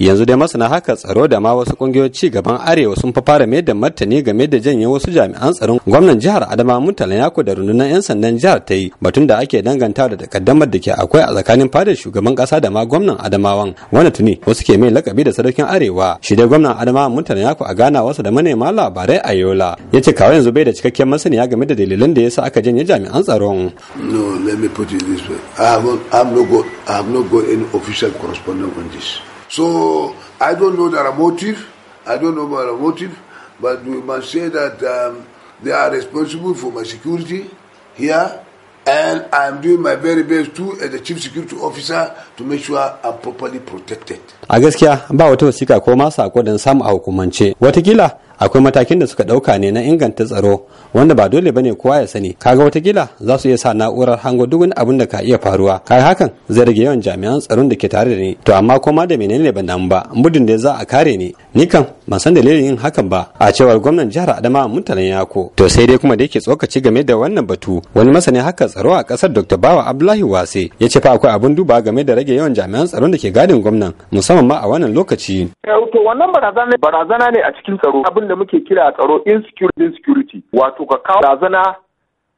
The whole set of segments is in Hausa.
yanzu dai masana haka tsaro da ma wasu kungiyoyin ci gaban arewa sun fa fara mai da martani game da janye wasu jami'an tsaron gwamnan jihar adama murtala yako da rundunar yan sandan jihar ta yi batun da ake danganta da takaddamar da ke akwai a tsakanin fadar shugaban kasa da ma gwamnan adamawan wani tuni wasu ke mai lakabi da sarkin arewa shi dai gwamnan adama murtala yako a gana wasu da manema labarai a yola ya ce kawai yanzu bai da cikakken masaniya game da dalilan da yasa aka janye jami'an tsaron. no let me put it this way i have not, I have not got, I have not got any official correspondence on this. So I don't know their motive. I don't know their motive, but we must say that um, they are responsible for my security here, and I'm doing my very best too as a chief security officer to make sure I'm properly protected. A gaskiya ba wata wasiƙa ko ma sako don samu a hukumance. Watakila akwai matakin da suka dauka ne na inganta tsaro wanda ba dole bane kowa ya sani kaga watakila za su iya sa na'urar hango duk wani abin da ka iya faruwa kai hakan zai rage yawan jami'an tsaron da ke tare da ni to amma koma da menene ban damu ba mudun da za a kare ni ni kan ban san dalilin yin hakan ba a cewar gwamnan jihar adama muntalan yako to sai dai kuma da yake tsokaci game da wannan batu wani masanin haka tsaro a kasar dr bawa abdullahi wase ya ce fa akwai abin duba game da rage yawan jami'an tsaron da ke gadin gwamnan musamman ma a wannan lokaci eh, to wannan barazana barazana ne a cikin tsaro abin da muke kira tsaro insecurity insecurity wato ka kawo barazana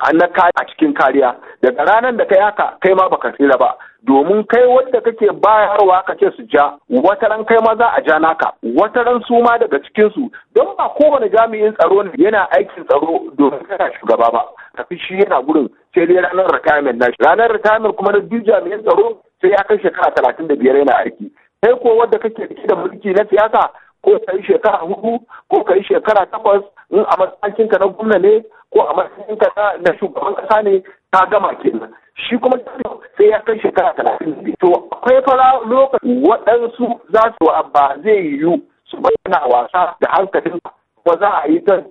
An na a cikin kariya daga ranar da kai haka kai ma baka tsira ba domin kai wanda kake bayarwa ka ce su ja wata ran kai ma za a ja naka wata ran su ma daga cikin su don ba kowane jami'in tsaro ne yana aikin tsaro domin kana shugaba ba tafi shi yana gurin sai dai ranar retirement nashi ranar retirement kuma na duk jami'in tsaro sai ya kai shekara talatin da biyar yana aiki kai ko wanda kake rike da mulki na siyasa ko kai shekara hudu ko kai shekara takwas in a matsakinka na gwamna ne ko a matsayin ka na shugaban kasa ne ta gama kenan shi kuma sai ya kai shekara talatin to akwai fara lokaci waɗansu za su ba zai yiwu su bayyana wasa da hankalin ba za a yi ta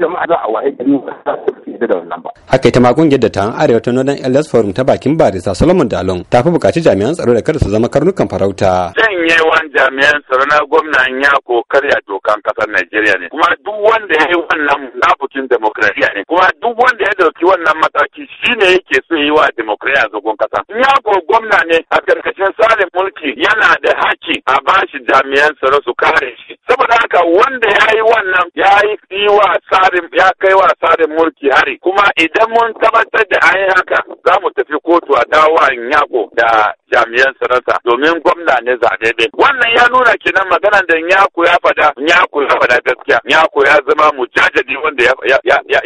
jama'a za a waye gari ba da wannan ba. Haka ita ma kungiyar da ta arewa ta Northern Elders Forum ta bakin barisa Solomon Dalon ta fi bukaci jami'an tsaro da kada su zama karnukan farauta. Sanyewan jami'an tsaro na gwamnan ya kokari a dokan kasar Najeriya ne. Kuma duk wanda ya yi wannan munafukin demokradiyya ne. Kuma duk wanda ya dauki wannan mataki shi shine yake so yi wa demokradiyya zagon kasa. Ya ko gwamna ne a karkashin tsarin mulki yana da haki a bashi jami'an tsaro su kare shi. Saboda haka wanda ya yi wannan ya yi sadin ya kai wa sadin mulki hari kuma idan mun tabbatar da ayin haka za mu tafi kotu a dawowa yako da jami'an sanata domin gwamna ne zaɓe ɗin. Wannan ya nuna kenan magana da Nyako ya faɗa, Nyako ya faɗa gaskiya, Nyako ya zama mu jajaji wanda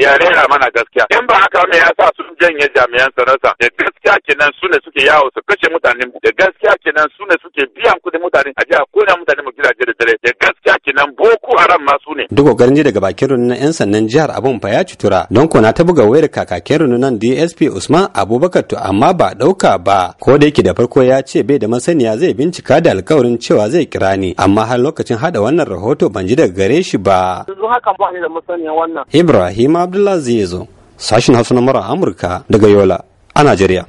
ya rera mana gaskiya. In ba haka wannan ya sa sun janye jami'an sanata da gaskiya kenan su ne suke yawo su kashe mutane da gaskiya kenan su ne suke biyan kuɗin mutane a jiya na mutane mu gidaje da dare da gaskiya kenan boko haram masu ne duk ƙoƙarin ji daga bakin na yan sannan jihar abun fa ya cutura don kona ta buga wayar kakakin nan DSP Usman Abubakar to amma ba ɗauka ba ko da yake da farko ya ce bai da masaniya zai bincika da alkawarin cewa zai kira ni amma har lokacin haɗa wannan rahoto ban ji daga gare shi ba yanzu haka ba ni da masaniya wannan Ibrahim Abdullahi zo sashin Hausa na Amurka daga Yola a Najeriya